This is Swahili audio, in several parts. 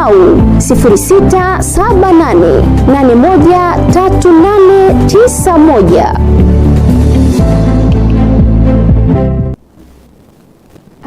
au 0678813891.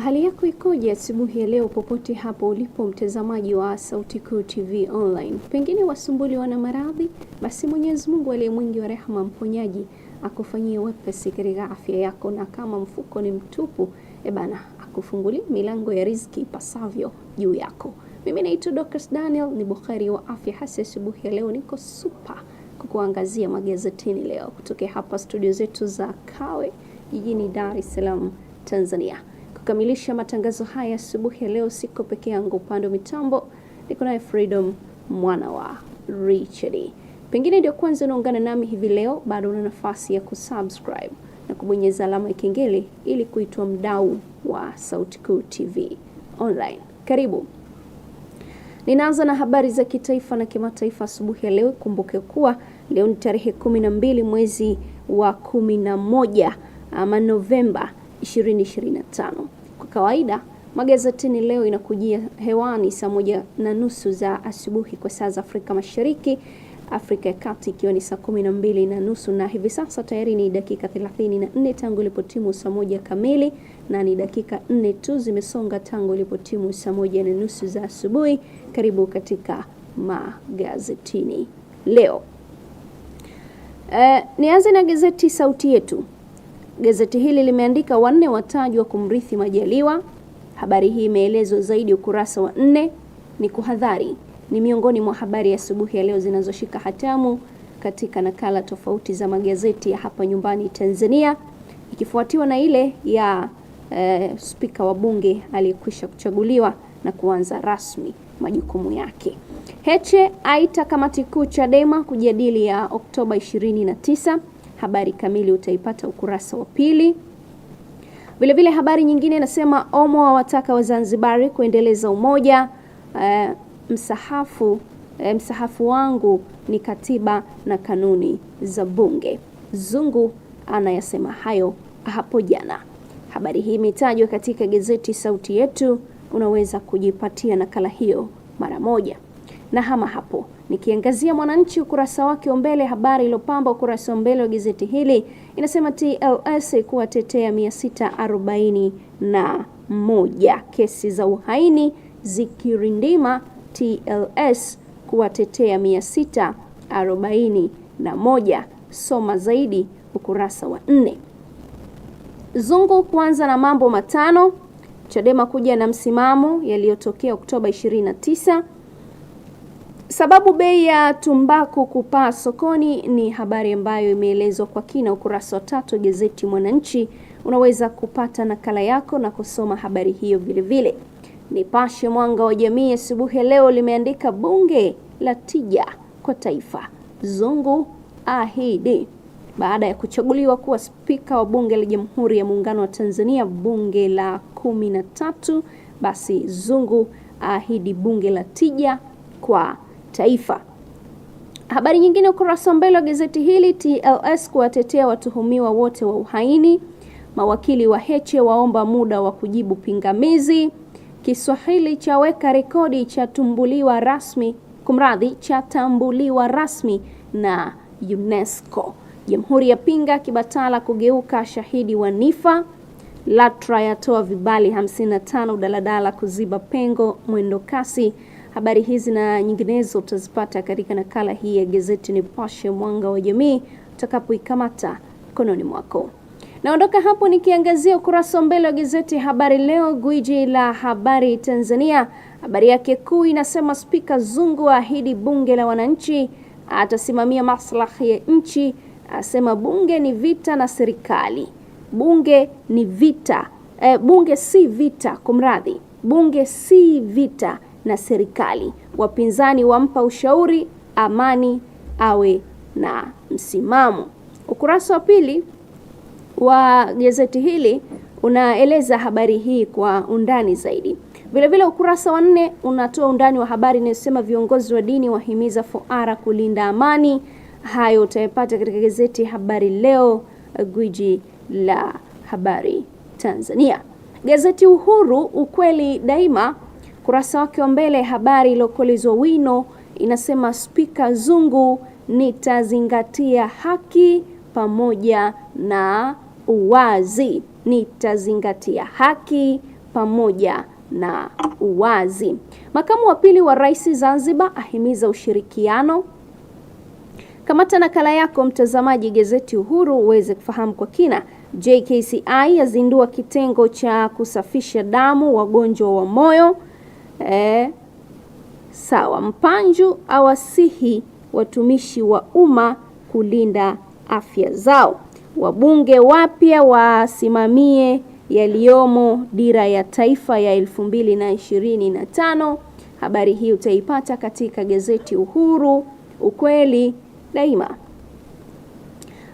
Hali yako ikoje asubuhi ya leo, popote hapo ulipo mtazamaji wa Sauti Kuu TV Online? Pengine wasumbuli wana maradhi, basi Mwenyezi Mungu aliye mwingi wa rehema, mponyaji akufanyie wepesi katika afya yako, na kama mfuko ni mtupu, ebana akufungulie milango ya riziki ipasavyo juu yako. Mimi naitwa Dorcas Daniel, ni Bukhari wa afya hasa asubuhi ya leo. Niko super kukuangazia magazetini leo kutoka hapa studio zetu za Kawe jijini Dar es Salaam, Tanzania. Kukamilisha matangazo haya asubuhi ya leo, siko peke yangu. Upande wa mitambo niko naye Freedom mwana wa Richard. Pengine ndio kwanza unaungana nami hivi leo, bado una nafasi ya kusubscribe na kubonyeza alama ya kengele ili kuitwa mdau wa Sautikuu TV Online. Karibu. Ninaanza na habari za kitaifa na kimataifa asubuhi ya leo. Kumbuke kuwa leo ni tarehe kumi na mbili mwezi wa kumi na moja ama Novemba 2025. Kwa kawaida magazetini leo inakujia hewani saa moja na nusu za asubuhi kwa saa za Afrika Mashariki Afrika ya Kati, ikiwa ni saa kumi na mbili na nusu na hivi sasa tayari ni dakika 34 tangu ilipotimu saa moja kamili, na ni dakika nne tu zimesonga tangu ilipotimu saa moja na nusu za asubuhi. Karibu katika magazetini leo. Uh, nianze na gazeti Sauti Yetu. Gazeti hili limeandika wanne watajwa kumrithi Majaliwa. Habari hii imeelezwa zaidi ukurasa wa nne. Ni kuhadhari ni miongoni mwa habari asubuhi ya leo zinazoshika hatamu katika nakala tofauti za magazeti ya hapa nyumbani Tanzania, ikifuatiwa na ile ya eh, spika wa bunge aliyekwisha kuchaguliwa na kuanza rasmi majukumu yake. Heche aita kamati kuu Chadema kujadili ya Oktoba 29. Habari kamili utaipata ukurasa wa pili. Vilevile habari nyingine inasema Omo wawataka Wazanzibari kuendeleza umoja. eh, msahafu, e, msahafu wangu ni katiba na kanuni za Bunge. Zungu anayasema hayo hapo jana. Habari hii imetajwa katika gazeti Sauti Yetu. Unaweza kujipatia nakala hiyo mara moja. Na hama hapo, nikiangazia Mwananchi ukurasa wake wa mbele, habari iliyopamba ukurasa wa mbele wa gazeti hili inasema TLS kuwatetea 641 kesi za uhaini zikirindima TLS kuwatetea 641. Soma zaidi ukurasa wa 4. Zungu kuanza na mambo matano. Chadema kuja na msimamo yaliyotokea Oktoba 29. Sababu bei ya tumbaku kupaa sokoni ni habari ambayo imeelezwa kwa kina ukurasa wa tatu gazeti Mwananchi. Unaweza kupata nakala yako na kusoma habari hiyo vilevile vile. Nipashe Mwanga wa Jamii asubuhi ya leo limeandika bunge la tija kwa taifa, Zungu ahidi baada ya kuchaguliwa kuwa spika wa bunge la Jamhuri ya Muungano wa Tanzania, bunge la kumi na tatu, basi Zungu ahidi bunge la tija kwa taifa. Habari nyingine ukurasa wa mbele wa gazeti hili, TLS kuwatetea watuhumiwa wote wa uhaini, mawakili wa Heche waomba muda wa kujibu pingamizi Kiswahili chaweka rekodi chatumbuliwa rasmi, kumradhi, chatambuliwa rasmi na UNESCO. Jamhuri ya pinga kibatala kugeuka shahidi wa Nifa. LATRA yatoa vibali 55 daladala kuziba pengo mwendo kasi. Habari hizi na nyinginezo utazipata katika nakala hii ya gazeti Nipashe Mwanga wa Jamii utakapoikamata mkononi mwako. Naondoka hapo nikiangazia ukurasa wa mbele wa gazeti Habari Leo, gwiji la habari Tanzania. Habari yake kuu inasema Spika Zungu ahidi bunge la wananchi, atasimamia maslahi ya nchi, asema bunge ni vita na serikali. Bunge ni vita e, bunge si vita, kumradhi, bunge si vita na serikali. Wapinzani wampa ushauri, amani awe na msimamo. Ukurasa wa pili wa gazeti hili unaeleza habari hii kwa undani zaidi. Vilevile ukurasa wa nne unatoa undani wa habari inayosema viongozi wa dini wahimiza fuara kulinda amani. Hayo utayapata katika gazeti Habari Leo, gwiji la habari Tanzania. Gazeti Uhuru, ukweli daima, kurasa wake wa mbele, habari iliyokolezwa wino inasema Spika Zungu, nitazingatia haki pamoja na uwazi. Nitazingatia haki pamoja na uwazi. Makamu wa pili wa Rais Zanzibar ahimiza ushirikiano. Kamata nakala yako mtazamaji, gazeti Uhuru uweze kufahamu kwa kina. JKCI yazindua kitengo cha kusafisha damu wagonjwa wa moyo. E, sawa. Mpanju awasihi watumishi wa umma kulinda afya zao wabunge wapya wasimamie yaliyomo dira ya taifa ya 2025. Habari hii utaipata katika gazeti Uhuru, ukweli daima.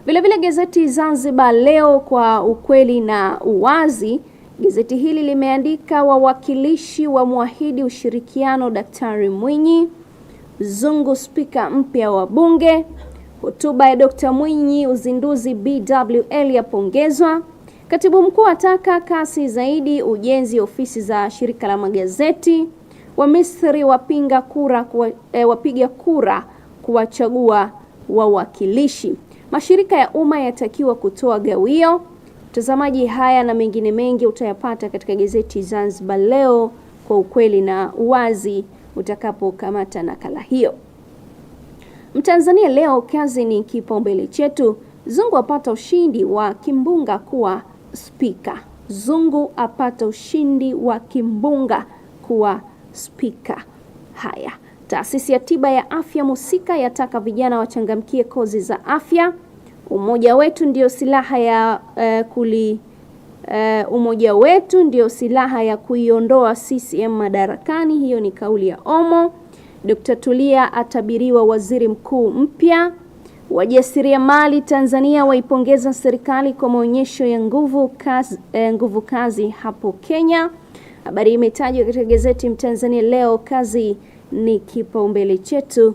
Vilevile gazeti Zanzibar Leo, kwa ukweli na uwazi. Gazeti hili limeandika wawakilishi wa mwahidi ushirikiano Daktari Mwinyi, Zungu spika mpya wa Bunge Hotuba ya Dkt. Mwinyi uzinduzi BWL yapongezwa. Katibu mkuu ataka kasi zaidi ujenzi ofisi za shirika la magazeti. Wamisri wapiga kura, kuwa, e, wapiga kura kuwachagua wawakilishi. Mashirika ya umma yatakiwa kutoa gawio. Mtazamaji, haya na mengine mengi utayapata katika gazeti Zanzibar Leo kwa ukweli na uwazi utakapokamata nakala hiyo. Mtanzania leo, kazi ni kipaumbele chetu. Zungu apata ushindi wa kimbunga kuwa spika. Zungu apata ushindi wa kimbunga kuwa spika. Haya, taasisi ya tiba ya afya Musika yataka vijana wachangamkie kozi za afya. Umoja wetu ndio silaha ya uh, kuli Uh, umoja wetu ndio silaha ya kuiondoa CCM madarakani. Hiyo ni kauli ya Omo. Dkt. Tulia atabiriwa waziri mkuu mpya. Wajasiriamali Tanzania waipongeza serikali kwa maonyesho ya nguvu kazi, eh, nguvu kazi hapo Kenya. Habari imetajwa katika gazeti Mtanzania leo, kazi ni kipaumbele chetu,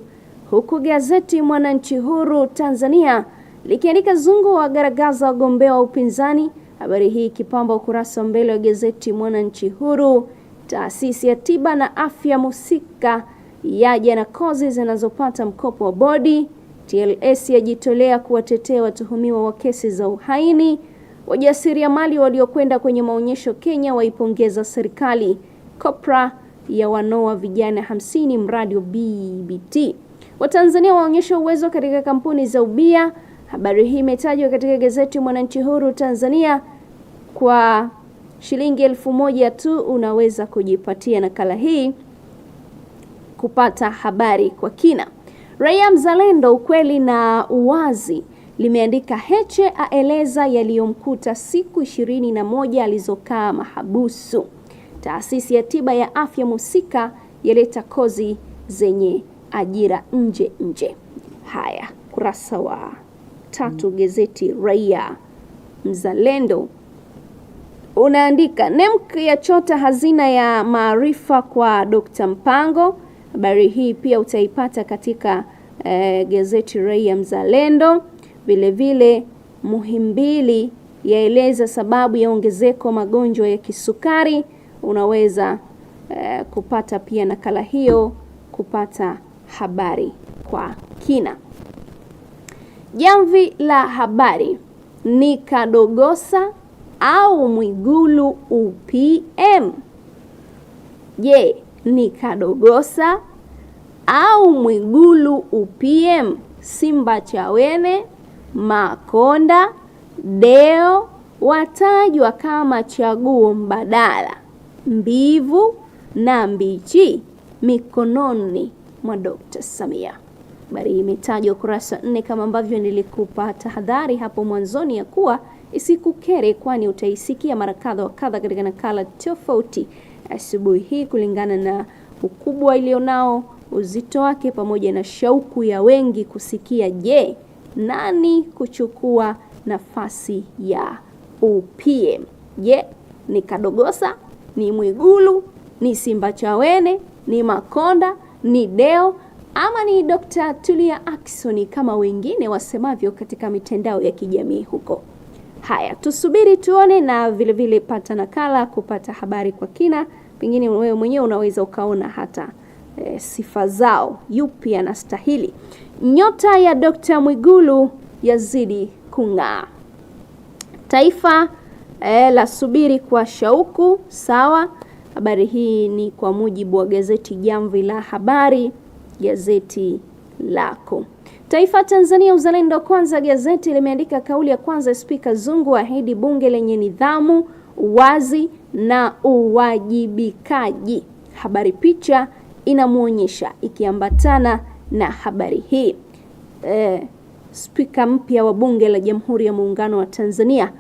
huku gazeti Mwananchi Huru Tanzania likiandika zungu wagaragaza wagombea wa upinzani. Habari hii ikipamba ukurasa wa mbele wa gazeti Mwananchi Huru. Taasisi ya tiba na afya Musika yaja na kozi zinazopata mkopo wa bodi. TLS yajitolea kuwatetea watuhumiwa wa kesi za uhaini. Wajasiriamali waliokwenda kwenye maonyesho Kenya waipongeza serikali. Kopra ya wanoa vijana 50 mradi wa BBT. Watanzania waonyesha uwezo katika kampuni za ubia. Habari hii imetajwa katika gazeti Mwananchi Huru Tanzania. Kwa shilingi elfu moja tu unaweza kujipatia nakala hii kupata habari kwa kina. Raia Mzalendo, ukweli na uwazi limeandika Heche aeleza yaliyomkuta siku ishirini na moja alizokaa mahabusu. Taasisi ya tiba ya afya Musika yaleta kozi zenye ajira nje nje. Haya, kurasa wa tatu gazeti Raia Mzalendo unaandika NEMC yachota hazina ya maarifa kwa Dr. Mpango Habari hii pia utaipata katika eh, gazeti raia Mzalendo. Vilevile Muhimbili yaeleza sababu ya ongezeko magonjwa ya kisukari. Unaweza eh, kupata pia nakala hiyo kupata habari kwa kina. Jamvi la habari ni Kadogosa au Mwigulu UPM. Je, ni Kadogosa au Mwigulu UPM, Simba Chawene, Makonda, Deo watajwa kama chaguo mbadala. Mbivu na mbichi mikononi mwa Dkt. Samia. Habari hii imetajwa kurasa nne, kama ambavyo nilikupa tahadhari hapo mwanzoni ya kuwa isikukere, kwani utaisikia mara kadha wa kadha katika nakala tofauti asubuhi hii kulingana na ukubwa ilionao, uzito wake, pamoja na shauku ya wengi kusikia, je, nani kuchukua nafasi ya UPM? Je, ni Kadogosa? Ni Mwigulu? Ni Simbachawene? Ni Makonda? Ni Deo? Ama ni Dr. Tulia Ackson kama wengine wasemavyo katika mitandao ya kijamii huko? Haya, tusubiri tuone, na vilevile vile pata nakala kupata habari kwa kina. Pengine wewe mwenyewe unaweza ukaona hata e, sifa zao, yupi anastahili. Nyota ya Dkt. Mwigulu yazidi kung'aa. Taifa e, la subiri kwa shauku. Sawa, habari hii ni kwa mujibu wa gazeti Jamvi la Habari, gazeti lako. Taifa Tanzania, uzalendo kwanza, gazeti limeandika kauli ya kwanza, Spika Zungu ahidi bunge lenye nidhamu, uwazi na uwajibikaji. Habari picha inamwonyesha ikiambatana na habari hii e, spika mpya wa bunge la Jamhuri ya Muungano wa Tanzania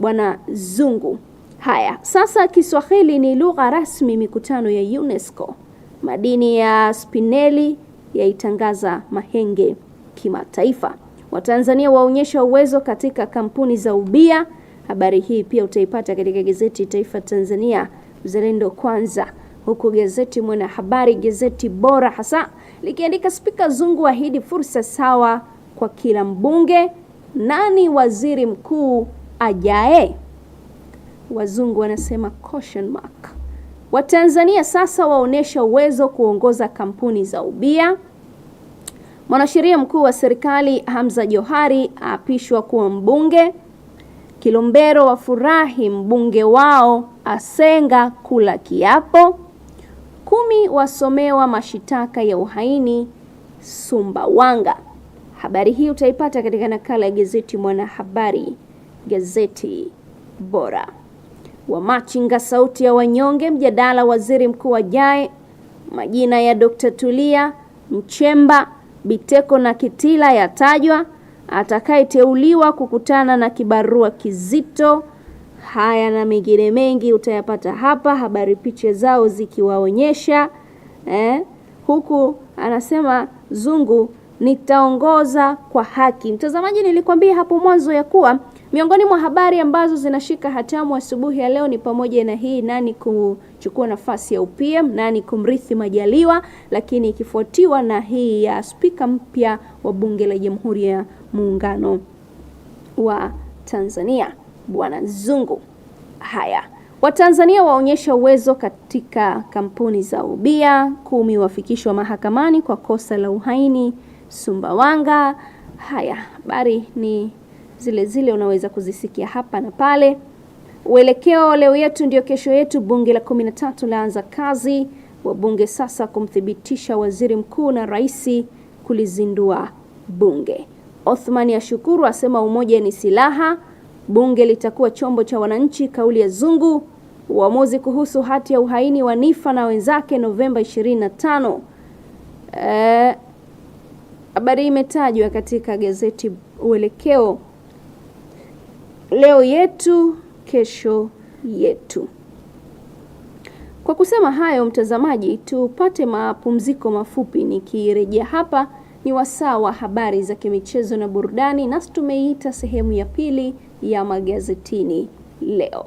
Bwana Zungu. Haya, sasa Kiswahili ni lugha rasmi mikutano ya UNESCO. Madini ya spineli yaitangaza Mahenge kimataifa. Watanzania waonyesha uwezo katika kampuni za ubia. Habari hii pia utaipata katika gazeti Taifa Tanzania Mzalendo Kwanza, huku gazeti Mwanahabari, gazeti bora hasa, likiandika Spika Zungu ahidi fursa sawa kwa kila mbunge. Nani waziri mkuu ajae? Wazungu wanasema caution mark. Watanzania sasa waonyesha uwezo kuongoza kampuni za ubia. Mwanasheria mkuu wa serikali Hamza Johari aapishwa kuwa mbunge. Kilombero wafurahi mbunge wao asenga kula kiapo. Kumi wasomewa mashitaka ya uhaini Sumbawanga. Habari hii utaipata katika nakala ya gazeti Mwanahabari, gazeti bora. Wamachinga sauti ya wanyonge mjadala waziri mkuu ajaye. Majina ya Dr. Tulia Mchemba Biteko na Kitila yatajwa, atakayeteuliwa kukutana na kibarua kizito. Haya na mengine mengi utayapata hapa, habari picha zao zikiwaonyesha eh. Huku anasema Zungu, nitaongoza kwa haki. Mtazamaji, nilikwambia hapo mwanzo ya kuwa Miongoni mwa habari ambazo zinashika hatamu asubuhi ya leo ni pamoja na hii nani kuchukua nafasi ya UPM, nani kumrithi Majaliwa, lakini ikifuatiwa na hii ya spika mpya wa bunge la Jamhuri ya Muungano wa Tanzania Bwana Zungu. Haya, Watanzania waonyesha uwezo katika kampuni za ubia, kumi wafikishwa mahakamani kwa kosa la uhaini Sumbawanga. Haya, habari ni zile zile unaweza kuzisikia hapa na pale. Uelekeo leo yetu ndio kesho yetu. Bunge la 13 laanza kazi. Wabunge sasa kumthibitisha waziri mkuu na rais kulizindua bunge. Othmani ashukuru, asema umoja ni silaha. Bunge litakuwa chombo cha wananchi, kauli ya Zungu. Uamuzi kuhusu hati ya uhaini wa Nifa na wenzake Novemba 25. Eh, habari e, imetajwa katika gazeti Uelekeo leo yetu, kesho yetu. Kwa kusema hayo, mtazamaji, tupate mapumziko mafupi. Nikirejea hapa ni wasaa wa habari za kimichezo na burudani, nasi tumeita sehemu ya pili ya magazetini leo.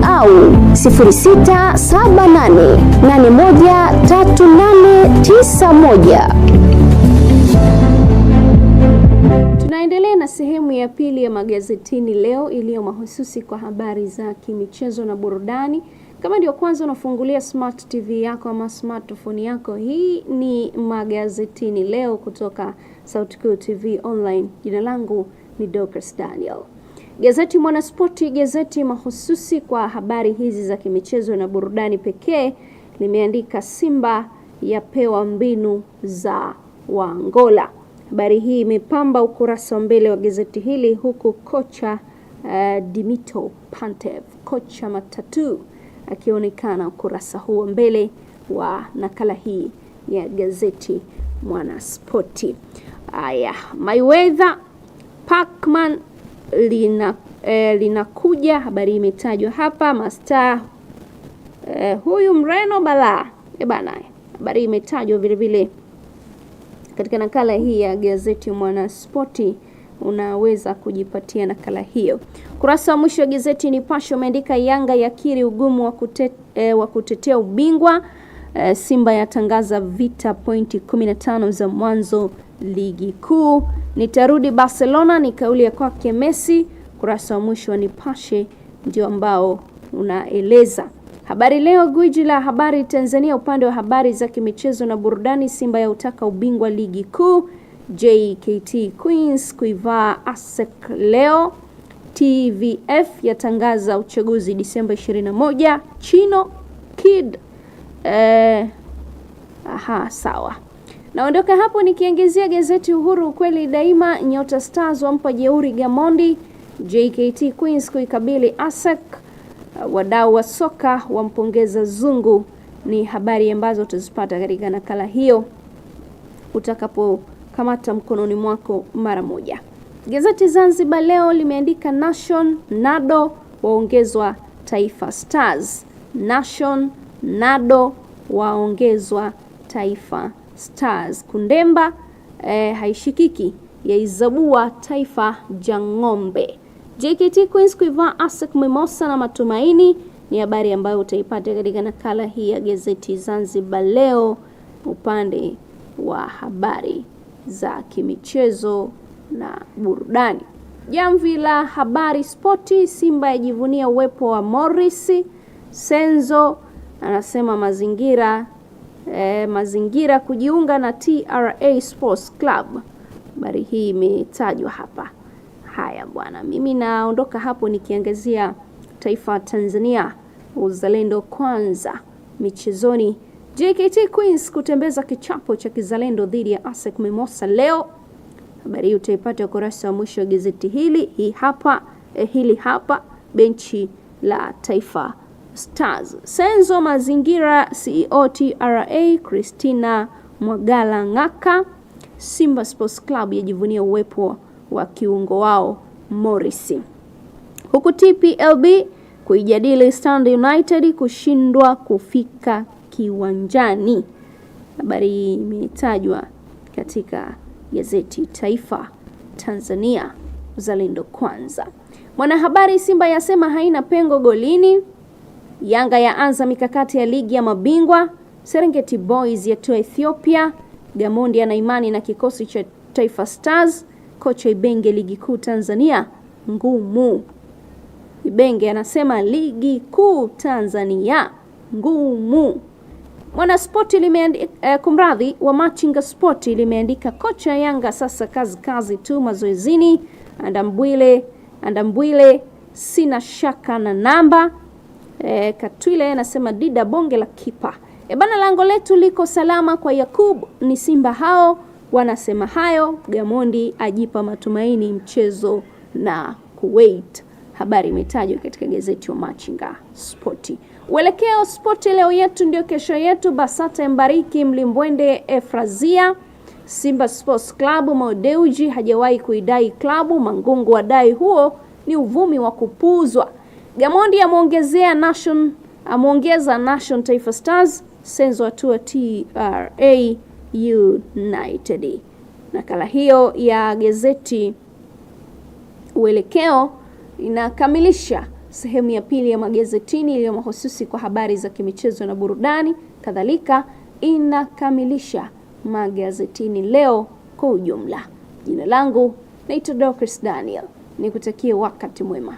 au 0678813891. Tunaendelea na sehemu ya pili ya magazetini leo iliyo mahususi kwa habari za kimichezo na burudani. Kama ndio kwanza unafungulia smart tv yako ama smartphone yako, hii ni magazetini leo kutoka Sautikuu TV Online. Jina langu ni Dorcas Daniel. Gazeti Mwanaspoti, gazeti mahususi kwa habari hizi za kimichezo na burudani pekee, limeandika Simba yapewa mbinu za Wangola. Habari hii imepamba ukurasa wa mbele wa gazeti hili, huku kocha uh, eh, Dimito Pantev, kocha matatu akionekana ukurasa huo mbele wa nakala hii ya gazeti Mwanaspoti. Aya, Mayweather Pacman lina, e, linakuja. Habari imetajwa hapa masta e, huyu Mreno bala e bana, habari imetajwa vile vile katika nakala hii ya gazeti Mwanaspoti. Unaweza kujipatia nakala hiyo. Kurasa wa mwisho wa gazeti Nipashe umeandika Yanga yakiri ugumu wa, kute, e, wa kutetea ubingwa eh, Simba yatangaza vita pointi 15 za mwanzo ligi kuu. Nitarudi Barcelona ni kauli ya kwake Messi. Kurasa wa mwisho wa Nipashe ndio ambao unaeleza habari leo, gwiji la habari Tanzania. Upande wa habari za kimichezo na burudani, Simba ya utaka ubingwa ligi kuu, JKT Queens kuivaa ASEC leo, TVF yatangaza uchaguzi Disemba 21, Chino Kid eh, aha, sawa. Naondoka hapo nikiangazia gazeti Uhuru, ukweli daima. Nyota Stars wampa jeuri Gamondi. JKT Queens kuikabili ASEC. Uh, wadau wa soka wampongeza Zungu. Ni habari ambazo utazipata katika nakala hiyo utakapokamata mkononi mwako mara moja. Gazeti Zanzibar Leo limeandika Nation Nado waongezwa Taifa Stars. Nation Nado waongezwa Taifa Stars. Kundemba eh, haishikiki yaizabua Taifa Jang'ombe. JKT Queens kuivaa ASEC Mimosa na Matumaini ni habari ambayo utaipata katika nakala hii ya gazeti Zanzibar Leo, upande wa habari za kimichezo na burudani. Jamvi la habari spoti, Simba yajivunia uwepo wa Morris Senzo, anasema mazingira e, mazingira kujiunga na TRA Sports Club. Habari hii imetajwa hapa. Haya bwana, mimi naondoka hapo nikiangazia taifa Tanzania, uzalendo kwanza. Michezoni, JKT Queens kutembeza kichapo cha kizalendo dhidi ya ASEC Mimosa leo. Habari hii utaipata ukurasa wa mwisho wa gazeti hili hii hapa, eh, hili hapa benchi la taifa Stars. Senzo Mazingira CEO TRA Christina Mwagala Ng'aka. Simba Sports Club yajivunia uwepo wa kiungo wao Morris, huku TPLB kuijadili Stand United kushindwa kufika kiwanjani. Habari hii imetajwa katika gazeti Taifa Tanzania Uzalendo Kwanza. Mwanahabari Simba yasema haina pengo golini. Yanga yaanza mikakati ya ligi ya mabingwa, Serengeti Boys yatua Ethiopia, Gamondi ana imani na kikosi cha Taifa Stars, kocha Ibenge ligi kuu Tanzania ngumu. Ibenge anasema ligi kuu Tanzania ngumu. Mwanaspoti limeandika eh, kumradhi wa Machinga Spoti limeandika kocha Yanga sasa kazi kazi tu mazoezini. Andambwile Andambwile, sina shaka na namba E, Katwile anasema Dida bonge la kipa. E bana, lango letu liko salama kwa Yakub, ni Simba hao wanasema hayo. Gamondi ajipa matumaini mchezo na Kuwait. Habari imetajwa katika gazeti ya Machinga Sporti. Uelekeo spoti leo yetu ndio kesho yetu. Basata Mbariki Mlimbwende Efrazia Simba Sports Club. Modeuji hajawahi kuidai klabu. Mangungu wadai huo ni uvumi wa kupuzwa. Gamondi amwongezea Nation amwongeza Nation Taifa Stars Senzo atua TRA United. Nakala hiyo ya gazeti Uelekeo inakamilisha sehemu ya pili ya magazetini iliyo mahususi kwa habari za kimichezo na burudani, kadhalika inakamilisha magazetini leo kwa ujumla. Jina langu naitwa Dorcas Daniel, nikutakie wakati mwema.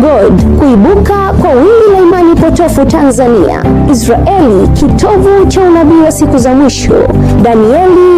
Gold kuibuka kwa wingi la imani potofu Tanzania, Israeli kitovu cha unabii wa siku za mwisho, Danieli